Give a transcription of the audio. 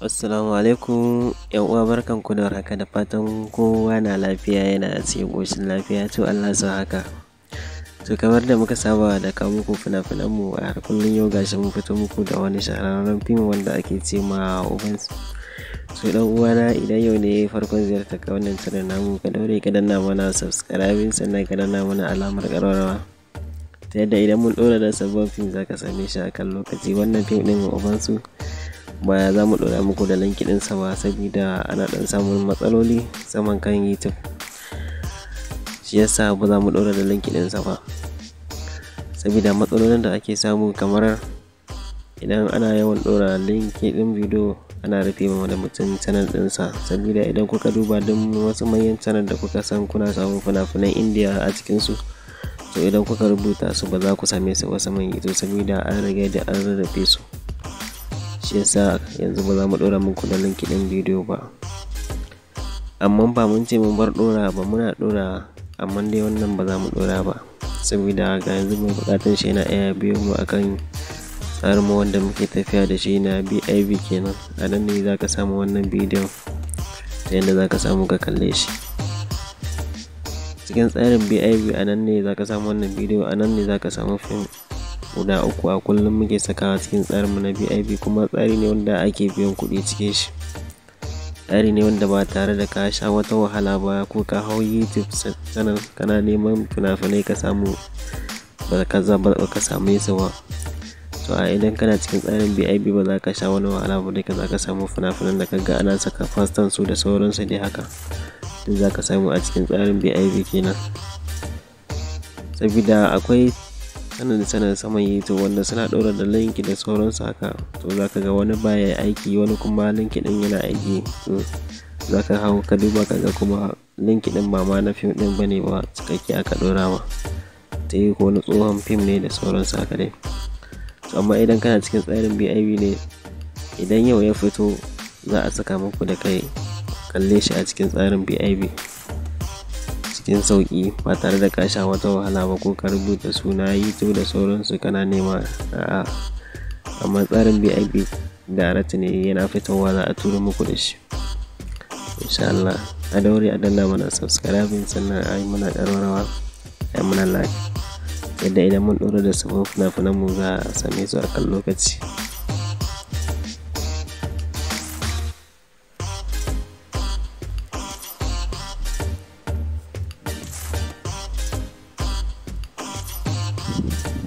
Assalamu alaikum yan uwa barkanku da haka da fatan kowa na lafiya yana cikin ƙoshin lafiya to Allah sa haka. To kamar da muka saba da kawo muku fina-finan mu a har kullum yau gashi mun fito muku da wani shahararren fim wanda ake ce ma ovens to dan uwa na idan yau ne farkon ziyarta ka wannan channel namu ka daure ka danna mana subscribing sannan ka danna mana alamar ƙararrawa. ta yadda idan mun ɗora da sabon fim za ka same shi a kan lokaci wannan fim ɗin Obansu. baya za mu ɗora muku da linki ɗinsa ba saboda ana ɗan samun matsaloli saman kan youtube shi yasa ba za mu ɗora da linki ɗinsa ba saboda matsalolin da ake samu kamar idan ana yawan ɗora linki ɗin bidiyo ana rufe ma da mutum sanar ɗinsa saboda idan kuka duba duk wasu manyan sanar da kuka san kuna samun fina-finan indiya a cikinsu to idan kuka rubuta su ba za ku same su ba saman youtube saboda an riga da an rarrafe su shi yasa yanzu ba za mu ɗora muku da linki ɗin bidiyo ba amma ba mun ce mun bar ɗora ba muna ɗora amma dai wannan ba za mu ɗora ba saboda ga yanzu mai buƙatar shi yana iya biyo mu akan tsarin mu wanda muke tafiya da shi na BIV kenan a nan ne za ka samu wannan bidiyon ta yadda za ka samu ka kalle shi cikin tsarin BIV a nan ne za ka samu wannan bidiyo a nan ne za ka samu fim guda uku a kullum muke sakawa cikin tsarinmu na vip kuma tsari ne wanda ake biyan kuɗi cikin shi tsari ne wanda ba tare da ka sha wata wahala ba ko ka hau youtube channel kana neman fina-finai ka samu ba ka samu yasa ba to a idan kana cikin tsarin vip ba za ka sha wani wahala ba dai ka za ka samu fina-finan da kaga ana saka fastan su da sauransu dai haka duk za ka samu a cikin tsarin vip kenan sabida akwai kana da sanar saman yi to wanda suna ɗora da linki da sauransu haka to za ka ga wani baya aiki wani kuma linki ɗin yana aiki to za ka hau ka duba ka ga kuma linki ɗin ba ma na fim ɗin ba ba cikakke aka ɗora ma ta yi ko wani tsohon fim ne da sauransu haka dai amma idan kana cikin tsarin BIB ne idan yau ya fito za a saka muku da kai kalle shi a cikin tsarin biv cikin sauki ba tare da ka sha wata wahala ba ko ka rubuta suna yito da sauransu kana nema a amma tsarin da direct ne yana fitowa za a turo muku da shi insha Allah a daure a dalla mana subscribing sannan a yi mana ɗarwarwa a yi mana like yadda idan mun ɗora da sabon fina-finan mu za a same su a kan lokaci Stop.